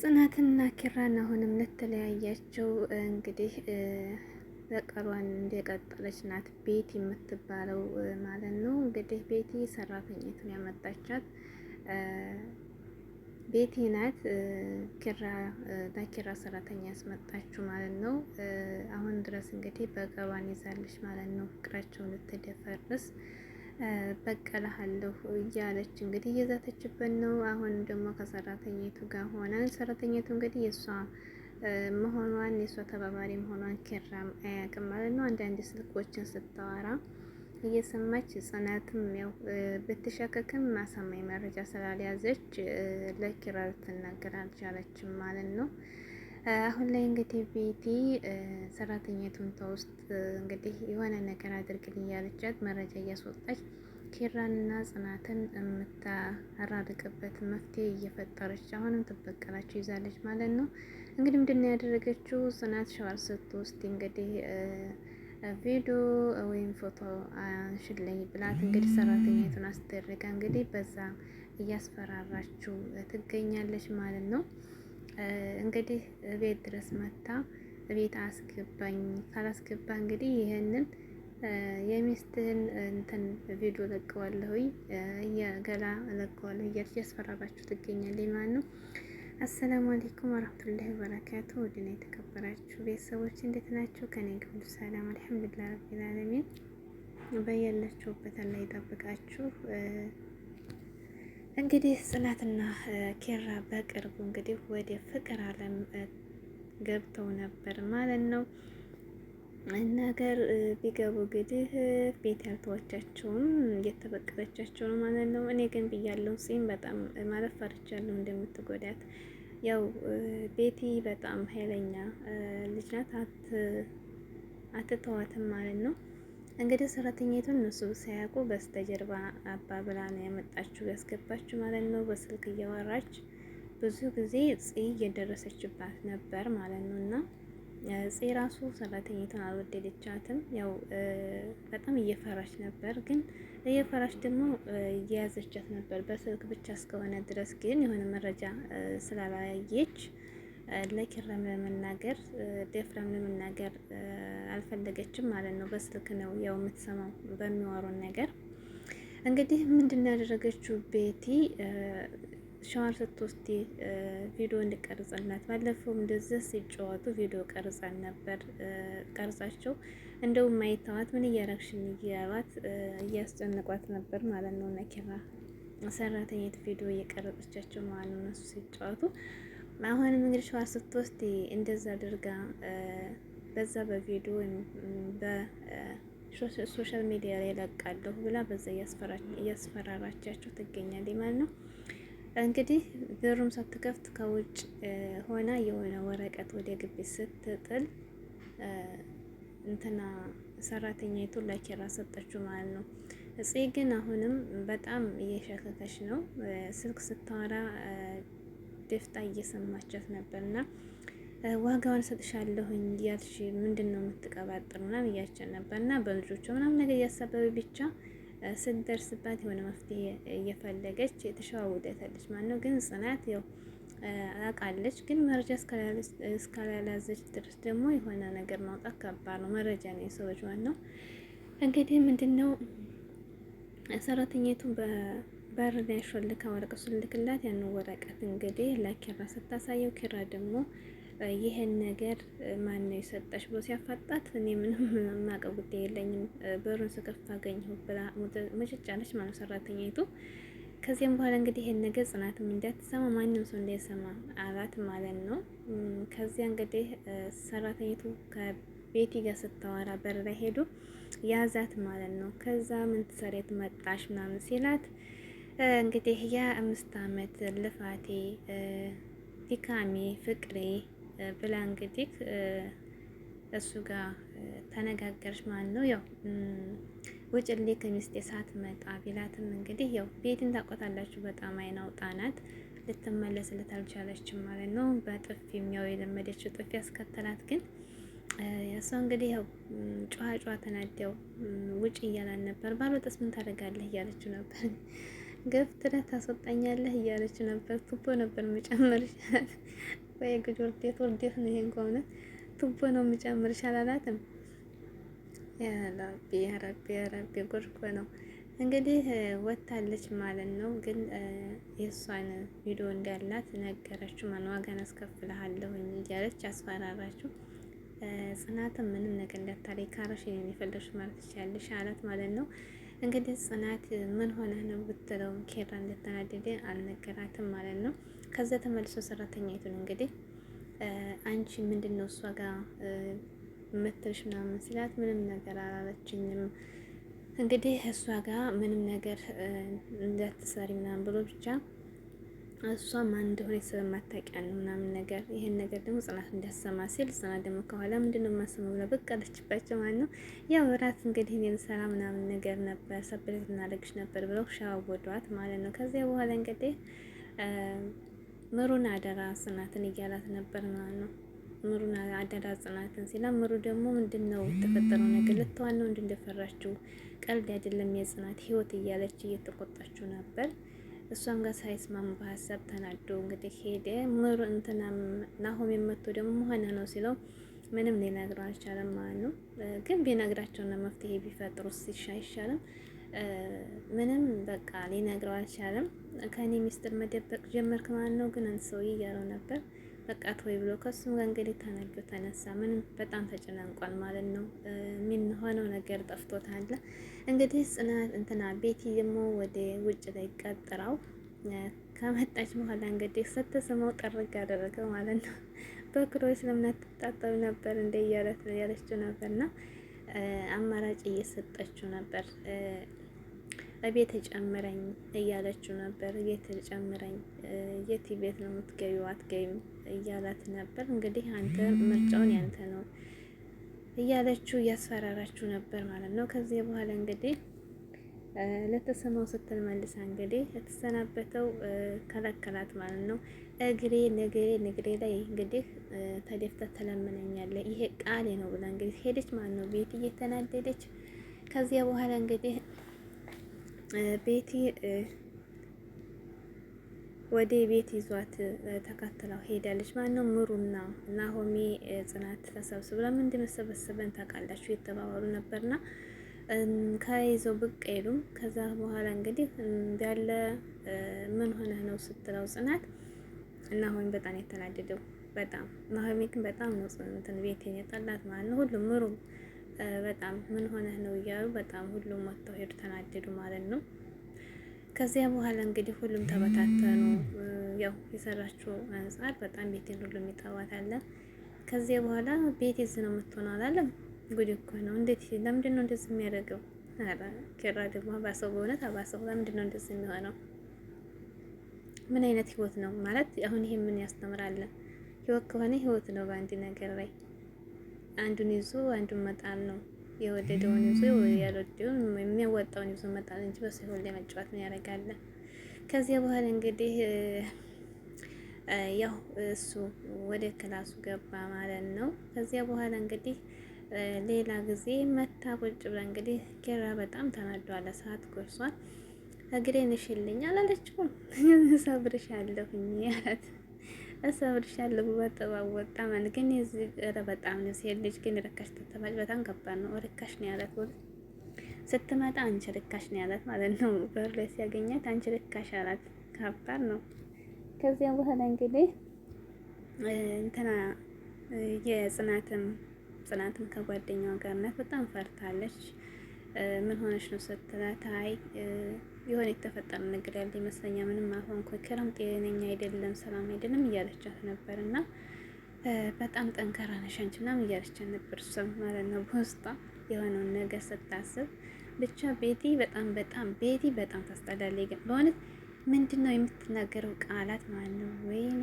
ጽናትና ኪራን አሁንም ለተለያያቸው እንግዲህ በቀሯን እንደቀጠለች ናት። ቤቲ የምትባለው ማለት ነው እንግዲህ ቤቲ ሰራተኛቱን ያመጣቻት ቤቲ ናት። ኪራ በኪራ ሰራተኛ ያስመጣችሁ ማለት ነው። አሁን ድረስ እንግዲህ በቀሯን ይዛለች ማለት ነው። ፍቅራቸውን ልትደፈርስ በቀልሃለሁ እያለች እንግዲህ እየዛተችበት ነው። አሁን ደግሞ ከሰራተኛቱ ጋር ሆነ ሰራተኛቱ እንግዲህ የእሷ መሆኗን የእሷ ተባባሪ መሆኗን ኪራም አያውቅም ማለት ነው። አንዳንድ ስልኮችን ስታወራ እየሰማች ጽናትም ያው ብትሸከክም አሳማኝ መረጃ ስላልያዘች ለኪራ ልትናገር አልቻለችም ማለት ነው። አሁን ላይ እንግዲህ ቤቲ ሰራተኛቱን ተውስጥ እንግዲህ የሆነ ነገር አድርግልኝ እያለቻት መረጃ እያስወጣች ኪራንና ጽናትን የምታራርቅበት መፍትሄ እየፈጠረች አሁንም ትበቀላቸው ይዛለች ማለት ነው። እንግዲህ ምንድነው ያደረገችው? ጽናት ሸዋር ስትወስድ እንግዲህ ቪዲዮ ወይም ፎቶ አንሽልኝ ብላት እንግዲህ ሰራተኛቱን አስደረጋ። እንግዲህ በዛ እያስፈራራችው ትገኛለች ማለት ነው። እንግዲህ ቤት ድረስ መታ ቤት አስገባኝ ካላስገባ እንግዲህ ይህንን የሚስትህን እንትን ቪዲዮ ለቀዋለሁኝ የገላ ለቀዋለሁ እያለች ያስፈራራችሁ ትገኛለች ማለት ነው። አሰላሙ አለይኩም ወራህመቱላሂ ወበረካቱ ወዲና የተከበራችሁ ቤተሰቦች እንዴት ናቸው? ከኔ ግብሉ ሰላም አልሐምዱሊላህ ረቢል አለሚን በያላችሁበት ላይ ይጠብቃችሁ። እንግዲህ ጽናትና ኬራ በቅርቡ እንግዲህ ወደ ፍቅር አለም ገብተው ነበር ማለት ነው። ነገር ቢገቡ እንግዲህ ቤት ያልተዋቻቸውም እየተበቀለቻቸው ነው ማለት ነው። እኔ ግን ብያለሁ ጽም በጣም ማለት ፈርቻለሁ እንደምትጎዳት። ያው ቤቲ በጣም ኃይለኛ ልጅ ናት፣ አትተዋትም ማለት ነው። እንግዲህ ሰራተኛይቱን እነሱ ሳያውቁ በስተጀርባ አባ ብላ ነው ያመጣችሁ ያስገባችሁ ማለት ነው። በስልክ እያወራች ብዙ ጊዜ ጽ እየደረሰችባት ነበር ማለት ነው። እና ጽ ራሱ ሰራተኛይቱን አልወደደቻትም። ያው በጣም እየፈራች ነበር፣ ግን እየፈራች ደግሞ እየያዘቻት ነበር። በስልክ ብቻ እስከሆነ ድረስ ግን የሆነ መረጃ ስላላየች ለኪራም ለመናገር ኤፍሬም ለመናገር አልፈለገችም ማለት ነው። በስልክ ነው ያው የምትሰማው በሚዋሩን ነገር። እንግዲህ ምንድን ያደረገችው ቤቲ ሻወር ስትወስድ ቪዲዮ እንድቀርጽላት ባለፈው እንደዚህ ሲጫወቱ ቪዲዮ ቀርጻን ነበር ቀርጻቸው እንደው ማይታዋት ምን እያረግሽን እያሏት እያስጨነቋት ነበር ማለት ነው። ነኪራ ሰራተኛት ቪዲዮ እየቀረጸቻቸው ማለት ነው እነሱ ሲጫወቱ አሁንም እንግዲህ ሸዋ ስትወስድ እንደዛ አድርጋ በዛ በቪዲዮ ወይም በሶሻል ሚዲያ ላይ ለቃለሁ ብላ በዛ እያስፈራራቻቸው ትገኛለች ማለት ነው። እንግዲህ በሩም ሳትከፍት ከውጭ ሆና የሆነ ወረቀት ወደ ግቢ ስትጥል እንትና ይቱ ለኪራ ሰጠችው ማለት ነው። እጽ ግን አሁንም በጣም እየሸከከች ነው ስልክ ስታወራ ደፍጣ እየሰማቻት ነበርና ዋጋዋን ሰጥሻለሁኝ ያልሽ ምንድን ነው የምትቀባጥር ምናምን እያችን ነበር እና በልጆቹ ምናምን ነገር እያሳበበ ብቻ ስትደርስባት የሆነ መፍትሄ እየፈለገች ተሸዋውደታለች ማለት ነው። ግን ጽናት ያው አውቃለች፣ ግን መረጃ እስካላላዘች ድረስ ደግሞ የሆነ ነገር ማውጣት ከባድ ነው። መረጃ ነው የሰው ልጅ ማለት ነው። እንግዲህ ምንድን ነው ሰራተኛቱ በ በር ላይ ሾልካ ወረቀት ስልክላት ያን ወረቀት እንግዲህ ለኪራ ስታሳየው ኪራ ደግሞ ይህን ነገር ማን ነው የሰጠሽ ብሎ ሲያፋጣት እኔ ምንም የማውቀው ጉዳይ የለኝም በሩን ስከፍት አገኘሁ ብላ ሙጭጭ አለች ማለት ሰራተኛይቱ። ከዚያም በኋላ እንግዲህ ይህን ነገር ጽናትም እንዳትሰማ ማንም ሰው እንዳይሰማ አላት ማለት ነው። ከዚያ እንግዲህ ሰራተኛይቱ ከቤቲ ጋር ስታወራ በር ላይ ሄዱ ያዛት ማለት ነው። ከዛ ምን ትሰሪት መጣሽ ምናምን ሲላት እንግዲህ የአምስት አመት ልፋቴ ድካሜ ፍቅሬ ብላ እንግዲህ እሱ ጋር ተነጋገረች ማለት ነው። ያው ውጭሌ ከሚስቴ መጣ ቢላትም እንግዲህ ያው ቤትን ታቆታላችሁ በጣም አይናውጣናት ልትመለስለት አልቻለችም ማለት ነው። በጥፊም ያው የለመደችው ጥፊ ያስከተላት ግን እሷ እንግዲህ ያው ጨዋ ጨዋ ተናደው ውጭ እያላን ነበር። ባልወጣስ ምን ታደርጋለህ እያለችው ነበር። ገፍትረህ ታስወጣኛለህ እያለች ነበር። ቱቦ ነበር ምጨምርሻል ወይ ጉድ! ውርዴት ውርዴት ነው። ይሄን ከሆነ ቱቦ ነው ምጨምርሻል አላላትም። ያ ረቢ ያ ረቢ ያ ጉድ እኮ ነው። እንግዲህ ወታለች ማለት ነው። ግን የእሷን ቪዲዮ እንዳላት ነገረችው። ማን ዋጋን አስከፍልሃለሁ እያለች አስፈራራችው። ጽናትም ምንም ነገር እንዳታለኝ ካረሽ የፈለግሽ ማለት ትችያለሽ አላት ማለት ነው። እንግዲህ ጽናት ምን ሆነ ነው ብትለው ኬራ እንደተናደደ አልነገራትም ማለት ነው። ከዛ ተመልሶ ሰራተኛይቱን እንግዲህ አንቺ ምንድን ነው እሷ ጋር መተሽ ምናምን ስላት ምንም ነገር አላለችኝም እንግዲህ እሷ ጋር ምንም ነገር እንዳትሰሪ ምናምን ብሎ ብቻ እሷ ማን እንደሆነ ስለማታውቂያ ነው ምናምን ነገር ይሄን ነገር ደግሞ ጽናት እንዳሰማ ሲል ጽናት ደግሞ ከኋላ ምንድነው የማሰማው ብላ በቃ አለችባቸው ማለት ነው። ያው እራት እንግዲህ እኔ ልሰራ ምናምን ነገር ነበር ሰብሬት እናደርግሽ ነበር ብለው ሻወዷት ማለት ነው። ከዚያ በኋላ እንግዲህ ምሩን አደራ ጽናትን እያላት ነበር ማለት ነው። ምሩን አደራ ጽናትን ሲላ ምሩ ደግሞ ምንድነው የተፈጠረው ነገር ልትዋል ነው ቀልድ አይደለም የጽናት ህይወት እያለች እየተቆጣችው ነበር። እሷም ጋር ሳይስማሙ በሀሳብ ተናዶ እንግዲህ ሄደ። ምሩ እንትና ናሆም የመቶ ደግሞ መሆነ ነው ሲለው ምንም ሊነግረው አልቻለም ማለት ነው። ግን ቢነግራቸውና መፍትሄ ቢፈጥሩ ሲሻ አይሻልም? ምንም በቃ ሊነግረው አልቻለም። ከእኔ ሚስጥር መደበቅ ጀመርክ ማለት ነው። ግን አንድ ሰውዬ እያለው ነበር በቃት ወይ ብሎ ከሱም ጋር እንግዲህ ተናዶ ተነሳ። ምን በጣም ተጨናንቋል ማለት ነው። ምን ሆነው ነገር ጠፍቶታል። እንግዲህ ጽናት እንትና ቤቲ ደግሞ ወደ ውጭ ላይ ቀጥራው ከመጣች በኋላ እንግዲህ ስትስመው ጥርግ ያደረገ ማለት ነው። በክሮች ለምን አትጣጠብ ነበር እንደ ያለችው ነበርና አማራጭ እየሰጠችው ነበር። ቤት ጨምረኝ እያለችው ነበር። የት ጨምረኝ? የት ቤት ነው የምትገቢው? አትገቢም እያላት ነበር። እንግዲህ አንተ ምርጫውን ያንተ ነው እያለችው እያስፈራራችው ነበር ማለት ነው። ከዚህ በኋላ እንግዲህ ለተሰማው ስትል መልሳ እንግዲህ የተሰናበተው ከለከላት ማለት ነው። እግሬ ንግሬ ንግሬ ላይ እንግዲህ ተደፍታ ተለምነኛለህ ይሄ ቃሌ ነው ብላ እንግዲህ ሄደች ማለት ነው። ቤት እየተናደደች ከዚያ በኋላ እንግዲህ ቤቲ ወደ ቤት ይዟት ተከትለው ሄዳለች። ማነው ምሩና ናሆሜ ጽናት ተሰብስብ ለምን እንደመሰበሰበን ታውቃላችሁ የተባባሉ ነበርና ከይዘው ብቅ አይሉም። ከዛ በኋላ እንግዲህ እንዳለ ምን ሆነ ነው ስትለው ጽናት ናሆሜ በጣም የተናደደው በጣም ናሆሜ ግን በጣም ነው እንትን ቤቴን የጠላት ማለት ነው ሁሉም ምሩ በጣም ምን ሆነህ ነው እያሉ በጣም ሁሉም ወጥተው ሄዱ፣ ተናደዱ ማለት ነው። ከዚያ በኋላ እንግዲህ ሁሉም ተበታተኑ። ያው የሰራችው አንጻር በጣም ቤቴን ሁሉም ይጠዋታል። ከዚያ በኋላ ቤት የዚህ ነው የምትሆነው አላለም። ጉድ እኮ ነው። እንዴት ለምንድን ነው እንደዚህ የሚያደርገው? ኧረ ኪራ ደግሞ አባሰው፣ በእውነት አባሰው። ለምንድን ነው እንደዚህ የሚሆነው? ምን አይነት ህይወት ነው ማለት አሁን? ይሄ ምን ያስተምራል? ህይወት ከሆነ ህይወት ነው በአንድ ነገር ላይ አንዱን ይዞ አንዱን መጣል ነው። የወደደውን ይዞ ያልወደውን የሚያወጣውን ይዞ መጣል እንጂ በሰው ሁሉ መጫወት ምን ያደርጋል? ከዚያ በኋላ እንግዲህ ያው እሱ ወደ ክላሱ ገባ ማለት ነው። ከዚያ በኋላ እንግዲህ ሌላ ጊዜ መታ ቁጭ ብላ እንግዲህ ኬራ በጣም ተናዷል። ሰዓት ጎርሷል። እግሬን እሽልኝ አላለችውም። ሰብርሻለሁኝ አላት። እሰብርሻ ልጉበት ወጣ ማለት ግን የዚህ ኧረ በጣም ነው ሴት ልጅ ግን ርካሽ ተተባጭ በጣም ከባድ ነው። ርካሽ ነው ያላት ሁሉ ስትመጣ አንቺ ርካሽ ነው ያላት ማለት ነው። በር ላይ ሲያገኛት አንቺ ርካሽ አላት። ከባድ ነው። ከዚያ በኋላ እንግዲህ እንትና የጽናትም ጽናትም ከጓደኛዋ ጋር ናት። በጣም ፈርታለች። ምን ሆነች ነው ስትላት አይ የሆነ የተፈጠረ ነገር ያለ ይመስለኛል። ምንም አልሆንኩ፣ ክረም ጤነኛ አይደለም፣ ሰላም አይደለም እያለቻት ነበር እና በጣም ጠንካራ ነሽ አንቺ ምናምን እያለቻት ነበር እሷም ማለት ነው በውስጧ የሆነውን ነገር ስታስብ ብቻ ቤቲ በጣም በጣም ቤቲ በጣም ታስጠላለች። ግን በእውነት ምንድን ነው የምትናገረው ቃላት ማለት ነው። ወይኔ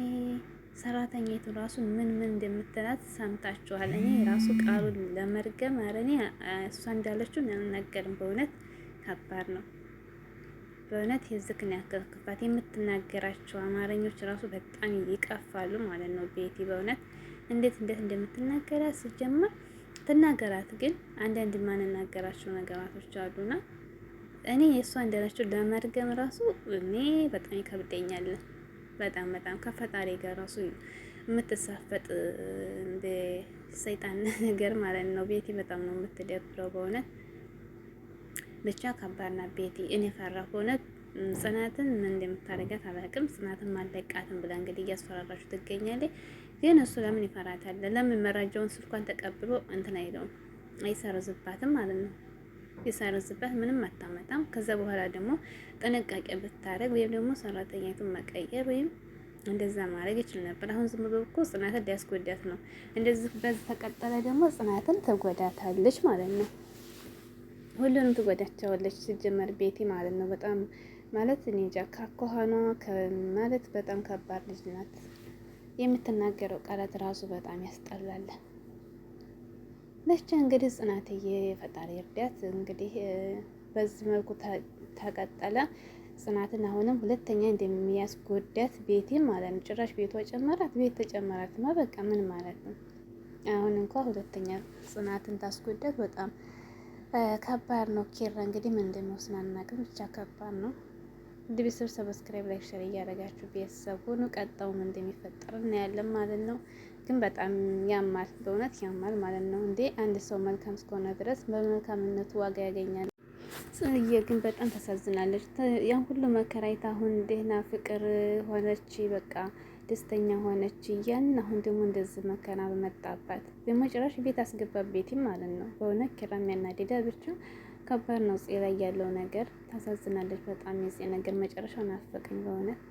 ሰራተኛቱ ራሱ ምን ምን እንደምትላት ሰምታችኋል። እኔ ራሱ ቃሉን ለመርገም አረኔ እኔ እሷ እንዳለችው አልናገርም። በእውነት ከባድ ነው። በእውነት የዝክን ያክል ክፋት የምትናገራቸው አማርኞች ራሱ በጣም ይቀፋሉ ማለት ነው። ቤቲ በእውነት እንዴት እንዴት እንደምትናገራት ሲጀመር ትናገራት። ግን አንዳንድ ማንናገራቸው ነገራቶች አሉና እኔ የእሷ እንደናቸው ለመድገም ራሱ እኔ በጣም ይከብደኛል። በጣም በጣም ከፈጣሪ ጋር ራሱ የምትሳፈጥ እንደ ሰይጣን ነገር ማለት ነው። ቤቲ በጣም ነው የምትደብረው በእውነት ብቻ ከባድና ናት ቤቲ። እኔ ፈራሁ እውነት ጽናትን ምን እንደምታደርጋት አላውቅም። ጽናትን ማለቃትን ብላ እንግዲህ እያስፈራራችሁ ትገኛለች። ግን እሱ ለምን ይፈራታል? ለምን መረጃውን ስልኳን ተቀብሎ እንትን አይለውም አይሰርዝባትም ማለት ነው። የሰርዝባት ምንም አታመጣም። ከዛ በኋላ ደግሞ ጥንቃቄ ብታደረግ ወይም ደግሞ ሰራተኛቱን መቀየር ወይም እንደዛ ማድረግ ይችል ነበር። አሁን ዝም ብሎ እኮ ጽናትን ሊያስጎዳት ነው። እንደዚህ በዚህ ተቀጠለ ደግሞ ጽናትን ተጎዳታለች ማለት ነው። ሁሉንም ትጎዳቸዋለች። ሲጀመር ቤቲ ማለት ነው። በጣም ማለት እኔ እንጃ ካኳኋኗ ማለት በጣም ከባድ ልጅ ናት። የምትናገረው ቃላት ራሱ በጣም ያስጠላል። ለቻ እንግዲህ ጽናትዬ የፈጣሪ እርዳት። እንግዲህ በዚህ መልኩ ተቀጠለ ጽናትን አሁንም ሁለተኛ እንደሚያስጎዳት ቤቴን ማለት ነው። ጭራሽ ቤቷ ጨመራት፣ ቤት ተጨመራትማ በቃ ምን ማለት ነው? አሁን እንኳ ሁለተኛ ጽናትን ታስጎዳት በጣም ከባድ ነው። ኪራ እንግዲህ ምን እንደሚወስን አናውቅም፣ ብቻ ከባድ ነው። እንዲህ ቤተሰብ ሰብስክራይብ፣ ላይክ፣ ሸር እያደረጋችሁ ቤተሰቡን ቀጣው ምን እንደሚፈጠር እናያለን ማለት ነው። ግን በጣም ያማል፣ በእውነት ያማል ማለት ነው። እንዴ አንድ ሰው መልካም እስከሆነ ድረስ በመልካምነቱ ዋጋ ያገኛል። ጽንዬ ግን በጣም ተሳዝናለች። ያን ሁሉ መከራይታ አሁን ደህና ፍቅር ሆነች በቃ ደስተኛ ሆነች እያልን አሁን ደግሞ እንደዚህ መከና በመጣባት በመጨረሽ ቤት አስገባ ቤትም ማለት ነው። በሆነ ኪራም ያናደዳ ብቻ ከባድ ነው። ጽ ላይ ያለው ነገር ታሳዝናለች በጣም የጽ ነገር መጨረሻውን አፈቀኝ በእውነት